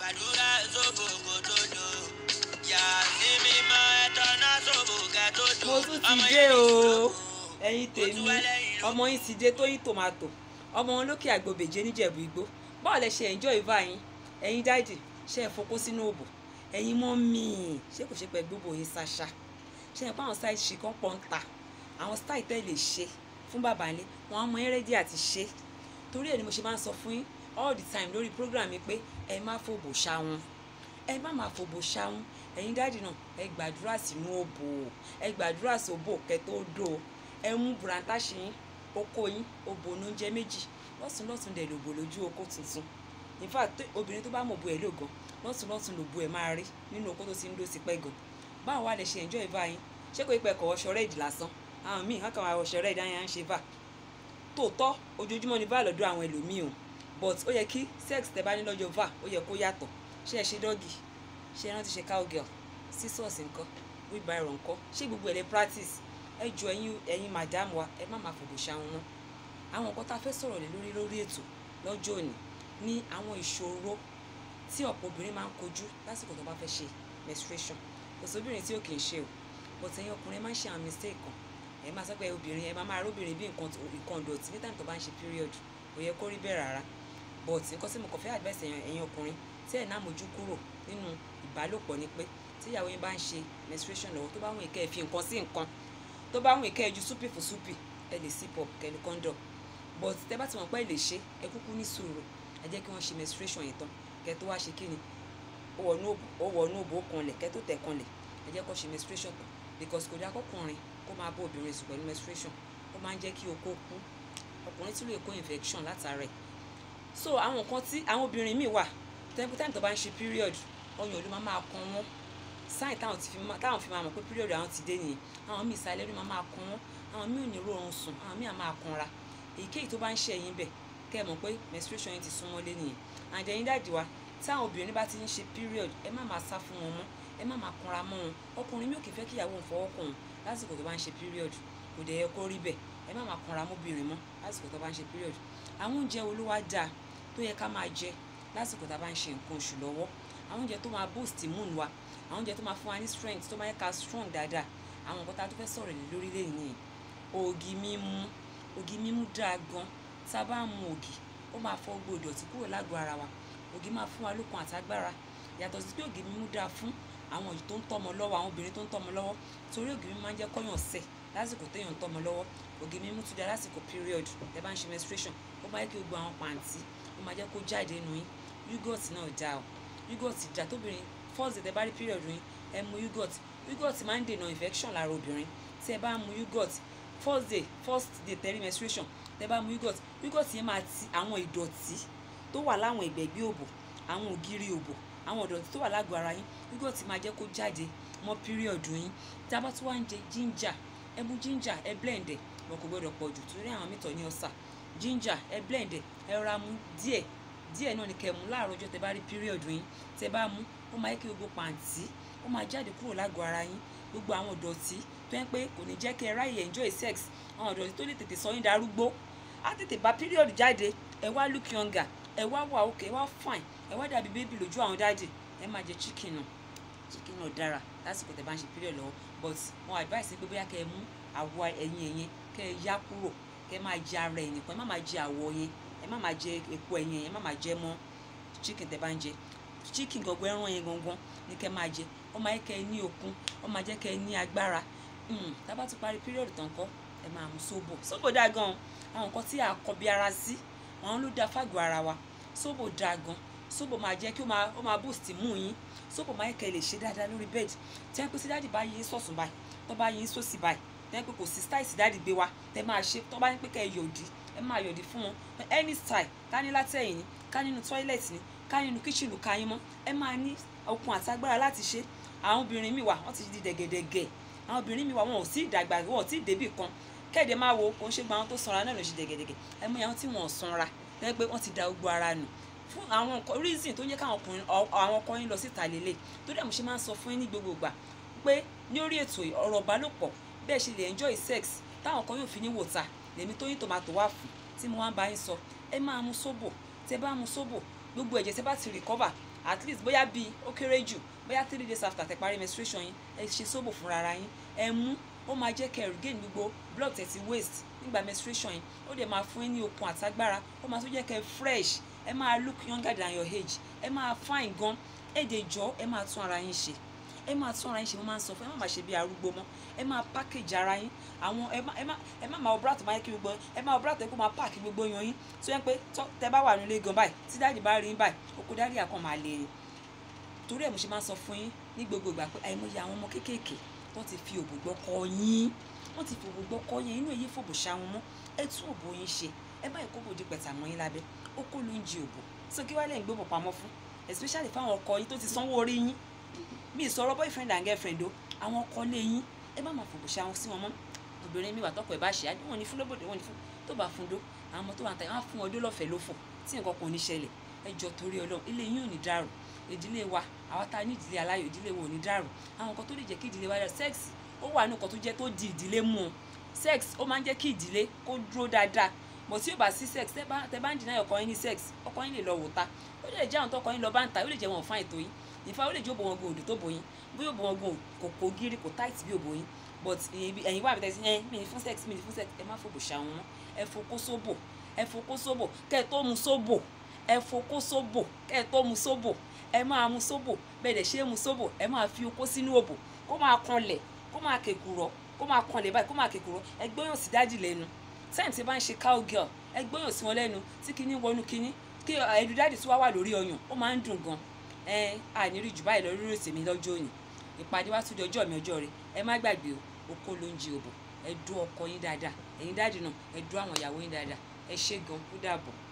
fàdúrà sóbò kò tó dò yà sí mímọ́ ẹ̀tọ́ náà sóbò ká tó dò. mo tún ti dé o ẹ̀yin tèmi ọmọ yín ti dé Tóyìn Tòmátò ọmọ wọn lókè àgbòbèjé níjẹ̀bú igbó báwo lẹ ṣe enjoy ìvá yín ẹ̀yin dáìdì ṣe é fokó sínú òbò ẹ̀yin mọ́ míì ṣé kò ṣe pẹ̀ gbogbo yín ṣaṣa ṣe é pa àwọn style ṣe kán pọ́n àwọn style tẹ́ ṣe fún bàbá ilé wọn á mọ ẹrẹ́dì àti ṣe torí ẹ̀ ni mo ṣe máa ń sọ fún yín all the time lórí program mi pé ẹ má fòbò ṣá wọn ẹ má má fòbò ṣá wọn ẹ̀yin dáàdì náà ẹ gbàdúrà sínú òbò ẹ gbàdúrà sóbò kẹ tó dò ẹ mú buranta ṣe yín oko yín òbò ní oúnjẹ méjì lọ́sùn lọ́sùn dẹ̀ lòbò lójú oko tuntun in fact obìnrin tó bá mọ̀ bu ẹ̀ lóògàn lọ́sùn lọ́sùn lòbò ẹ̀ máa rí nínú oko tó ti ń dó sí pẹ́ gan báwo wá lè ṣe enjoy ìbá yín ṣé kò ipẹ̀ kọ̀ ọṣọ rẹ́ẹ̀dì lásán àwọn míì hàn kàn wá ọṣọ rẹ́ẹ̀dì á yàn án ṣe bá tòótọ́ ojoojúmọ́ ni bá lọ́dọ̀ àwọn ẹlòmíì o but ó yẹ kí sex tẹ bá ní lọ́jọ́ va ó yẹ kó yàtọ̀ ṣé ẹ ṣe dọ́gì ṣé ẹ rántí ṣe cow girl scissors nǹkan wheelbarrow nǹkan ṣé gbogbo ẹ̀ lè practice ẹ jọ ẹ̀yin ẹ̀yin madam wa ẹ má máa fòbò ṣàwọn wọn àwọn nǹkan tá a fẹ́ sọ̀rọ̀ lé lórí lórí ètò lọ́jọ́ òní ní àwọn ìṣòro tí ọ̀pọ̀ obìnrin máa ń kojú lásìkò tó bá fẹ́ ṣe menstruation kò sóbìnrin tí ò kì í ṣe o but ẹ̀yin ọkùnrin máa ń ṣe àwọn mistake kan ẹ máa sọ pé obìnrin ẹ máa máa róbìnrin bí nǹkan ọ̀dọ̀tí ní time tó bá ń ṣe period kò yẹ kó rí bẹ́ẹ̀ rárá but nǹkan tí mo kàn fẹ́ advice ẹ̀yin ẹ̀yin ọkùnrin tí ẹ̀ náà mójú kúrò nínú ìbálòpọ̀ ni pé tíyàwó yín bá ń ṣe menstruation lọ́wọ́ tó bá wùn ìkẹ́ ẹ̀ fi nǹkan sí nǹkan tó bá wùn ìkẹ́ ẹ̀ ju súpì fún súpì ẹ lè sip up kẹlu condom but tẹ́ bá ti mọ̀ pé ẹ lè ṣe ẹ kúkú ní sùúrù ẹ jẹ́ kí wọ́n ṣe menstruation yìí tán kẹ́ tó wá ṣe kí ni ó wọ̀ ní òbò kanlẹ̀ kẹ́ tó tẹ̀ kanlẹ̀ ẹ jẹ́ menstruation because kò dáa kọkùnrin kó máa bó obìnrin sùn pẹ̀lú menstruation ó máa ń jẹ́ kí okó kú ọkùnrin tí ló yẹ infection látara ẹ̀ so àwọn nǹkan tí àwọn obìnrin míì wà tẹ́kù táìmù tó bá ń ṣe period ọyàn ló máa máa kan wọ́n sáì táwọn ti fi máa táwọn fi máa mọ̀ pé period àwọn ti dé nìyẹn àwọn míì sálẹ̀ ló máa máa kan wọ́n àwọn míì ò ní ró oorun sùn àwọn míì á máa kanra èyíkéyìí tó bá ń ṣe ẹ̀yìn bẹ̀ kẹ́ ẹ mọ̀ pé menstruation yẹn ti súnmọ́ lé nìyẹn àdẹ̀yìn dáàdì wa táwọn obìnrin bá ti ń ṣe period ẹ má máa sá fún wọn mọ́ ẹ má máa kanra mọ́ wọn ọkùnrin mi ò kì í fẹ́ kíyàwó òun fọwọ́ kàn òun lásìkò tó bá ń ṣe period kò dẹ̀ yẹ kó rí bẹ́ẹ̀ ẹ má máa kanra mọ́bìnrin mọ́ lásìkò tó bá ń ṣe period àwọn oúnjẹ wo ló wá dáa tó yẹ ká máa jẹ lásìkò tá bá ń ṣe nǹkan oṣù lọ́wọ́ àwọn oúnjẹ tó máa boost immune wa àwọn oúnjẹ tó máa fún wa ní strength tó máa yẹ ká strong dáadáa àwọn nǹkan tá a tó fẹ́ sọ̀rọ̀ lé lórí lè ní ògì mímu ògì mímu dáa gan tá a bá ń mu ògì ó máa fọ gbogbo ìdọ̀tí kúrò lágọ̀ọ́ ara wa ògì máa fún wa lókun àtagbára yàtọ̀ sí pé ògì mímu dáa fún àwọn òyì tó ń tọ́mọ lọ́wọ́ àwọn obìnrin tó ń tọ́mọ lọ́wọ́ torí ògì mímu máa ń jẹ́ kọ́yàn sẹ̀ lásìkò téèyàn ń tọ́mọ lọ́wọ́ ògì mímú tún dá lásìkò period tẹ́ bá ń ṣe menstruation ó máa jẹ́ kí gbogbo àwọn pàǹtí ó máa jẹ́ kó jáde nù yín yúgọ̀tì náà dá o yúgọ̀tì dá tóbìnrin first day tẹ́ bá rí period yín ẹ mu yúgọ̀tì yúgọ̀tì máa ń dènà infection lára obìnrin tí ẹ bá mu yúgọ̀tì first day first day tẹ́ rí menstruation tẹ́ bá mu yúgọ̀tì yúgọ̀tì yẹn máa ti àwọn ìdọ̀tí tó wà láwọn ìgbẹ́gbẹ́ òbò àwọn ògiri òbò àwọn ìdọ̀tí tó wà lágọ̀ọ́ ara yín yúgọ̀tì máa jẹ́ kó jáde mọ́ period yín tí a bá tún wá ń jẹ ginger ẹ ginger ẹ blend ẹ̀ wọn kò gbọdọ̀ pọ̀ jù torí àwọn mìtọ̀ ní ọ̀sà ginger ẹ blend ẹ̀ ẹ rọra mú díẹ̀ díẹ̀ náà ni kẹ́ mú láàárọ̀ tẹ bá rí period yín tẹ bá mú ó máa yẹ kí gbogbo pàǹtí ó máa jáde kúrò lágọ̀ọ́ ara yín gbogbo àwọn ìdọ̀tí tó ń pé kò ní jẹ́ kí ẹ ráyè enjoy sex àwọn ìdọ̀tí tó lè tètè sọ yín darúgbó á tètè bá period jáde ẹ wá look younger ẹ wá wà okay ẹ wá fine ẹ wá dàbí bébì lójú àwọn dáàdì ẹ máa jẹ chicken náà chicken náà dára lásìkò tẹ̀ bá ń period lọ́wọ́ but wọn advice pé bóyá kẹ́ ẹ mú àwọ̀ eyin ẹ̀yìn kẹ́ ẹ yá kúrò kẹ́ ẹ máa jẹ ara ẹ̀ nìkan ẹ má máa jẹ àwọ̀ yẹn ẹ má máa jẹ epo ẹ̀yìn yẹn ẹ má máa jẹ chicken tẹ̀ bá chicken gbogbo ẹran yẹn gangan ni kẹ́ ẹ máa jẹ ó máa jẹ́ okun ó ma je kẹ́ ẹ ní agbára hmm, ta bá ti parí period tán kọ́ ẹ máa mú sobo sóbò dáa gan àwọn nǹkan tí a kọbi ara sí àwọn ló dáa fágọ̀ ara wa sobo da gan sóbò máa jẹ́ kí ó máa boost mú yín sóbò máa kẹ́ lè ṣe dáadáa lórí bẹ́ẹ̀dì tẹ́ pé sí dáàdì bá yín sọ̀sùn báyìí tó bá yín sósì báyìí tẹ́ pé kò sí style sí dáàdì gbé wa tẹ́ máa ṣe tó bá yín pé kẹ́ yọ̀dí ẹ máa yọ̀dí fún wọn any style ká ní látẹ̀yìn ni ká nínú toilet ni ká nínú kitchen ká yín mọ́ ẹ máa ní okun àtagbára láti ṣe àwọn obìnrin mi wà wọ́n ti di dẹ̀gẹ̀dẹ̀gẹ̀ àwọn obìnrin mi wà wọn ò tí ì dàgbà wọn ò tí ì débì kan kéde máa wo kò ń ṣe gba àwọn tó sanra náà ló ṣe dẹ̀gẹ̀dẹ̀gẹ̀ ẹ mú àwọn tí wọn sanra lẹ́yìn wọ́n ti da gbogbo ara nù fún àwọn reason tó yẹ káwọn ọkùnrin àwọn ọkùnrin lọ síta lélẹ̀ torí àmọ́ ṣe máa ń sọ fún yín ní gbogbo ìgbà pé ní orí ètò ọ̀rọ̀ ìbálòpọ̀ bẹ́ẹ̀ ṣe lè enjoy sex táwọn kan yóò fi ní wòta lèmi Tóyìn Tòmátò wà fún tí mo wá ń bá yín sọ ẹ máa mu sóbò tẹ bá mu sóbò gbogbo ẹ̀jẹ̀ tẹ bá ti recover at least bóyá bíi ó kéré jù bóyá three days after tẹ parí menstruation yín ẹ ṣe sóbò fúnra ara yín ẹ mú ó máa jẹ́ kẹ́ regain gbogbo blood tẹ̀ waste nígbà menstruation yín ó dẹ̀ máa fún yín ní okun àtagbára ó máa tún jẹ́ kẹ́ fresh ẹ máa look younger than your age ẹ máa fine gan ẹ dè jọ ẹ máa tún ara yín ṣe ẹ máa tún ara yín ṣe mo máa ń sọ fún ẹ má máa ṣe bí arúgbó mọ́ ẹ máa package ara yín àwọn ẹ má ẹ má máa obrat máa yẹ kí gbogbo ẹ máa obrat kó máa pack gbogbo yan yín tó yẹ pé tẹ bá wà nílé gan báyìí tí dáàdì bá rí yín báyìí kókó dáàdì àkàn máa lè rìn torí ẹ̀ mo ṣe máa sọ fún yín ní gbogbo ìgbà pé àìmọye àwọn ọmọ kéékèèké wọ́n ti fi òbò gbọ́ kọ́ yín wọ́n ti fi òbò gbọ́ kọ́ yín inú èyí fòbò ṣá wọn mọ́ ẹ tún òbò yín ṣe ẹ báyìí kó bòdì pẹ̀tà mọ́ yín lábẹ́ ó kó ló ń jẹ òbò so kí wàá lẹ́yìn gbé bò pamọ́ fún especially fáwọn ọkọ yín tó ti sanwó orí yín mi ìsọ̀rọ̀ boyfriend and girlfriend o àwọn ọkọ lé yín ẹ má máa fòbò ṣe àwọn sí wọn mọ́ obìnrin mi wà tọkọ ẹ bá ṣe àdéhùn ní fún lóbòdè wọn ní fún tó bá fún dó àwọn ọmọ tó wà ń ta wọn á fún ọdún lọ́fẹ̀ẹ́ ló fò tí nǹkan kan ò ní ṣẹlẹ̀ ẹ jọ torí Ọlọ́run ilé yín ò ní dàrú ìdílé wa àwa tá a ní ìdílé aláyọ̀ ìdílé wa ò ní dàrú àwọn nǹkan tó lè jẹ́ kí ìdílé wa yọ sẹ́ẹ̀sì ó wà ní nǹkan tó jẹ́ tó di ìdílé mú un sex ó máa ń jẹ́ kí ìdílé kó dúró dáadáa bọ̀ tí ò bá sí sex tẹ́ bá ń deny ọkọ yín ní sex ọkọ yín lè lọ wò ta ó lè jẹ́ àwọn tọkọ yín lọ bá ń ta ó lè jẹ́ wọn fún àìtó yín ìfà ó lè jó bòwọn gun òdò tó bòyín bí ó bòwọn kò kò gírí kò tight bí ó bòyín but ẹ̀yin wà bẹ́tẹ̀ sí ẹ mi ní fún sex mi ní fún sex ẹ má fòbò ṣàwọn mọ́ ẹ fokó sóbò ẹ fokó sóbò kẹ́ ẹ tó mu sóbò ẹ fokó sóbò kẹ́ ẹ tó mu sóbò ẹ máa mu sóbò bẹ́ẹ̀ dẹ̀ ṣe é mu sóbò ẹ máa fi okó sínú òbò kó máa kanlẹ̀ kó máa kèkùrọ̀ kó máa kanlẹ̀ báyìí kó máa kèkùrọ̀ ẹ gbóyàn sí dájì lẹ́nu time tí bá ń ṣe cow girl ẹ gbọ́yàn sí wọn lẹ́nu tí kinní wọnú kinní kí ẹ̀dùn dáàdì tí wá wà lórí ọyàn ó máa ń dùn gan ẹ àní rí jù báyìí lọ rírò tèmi lọ́jọ́ òní ìpàdé wá tún ọjọ́ mi ọjọ́ rẹ ẹ má gbàgbé o okó ló ń jẹ òbò ẹ dó ọkọ yín dáadáa ẹ̀yin dáàdì náà ẹ dó àwọn ìyàwó yín dáadáa ẹ ṣé gan kú dàbọ̀.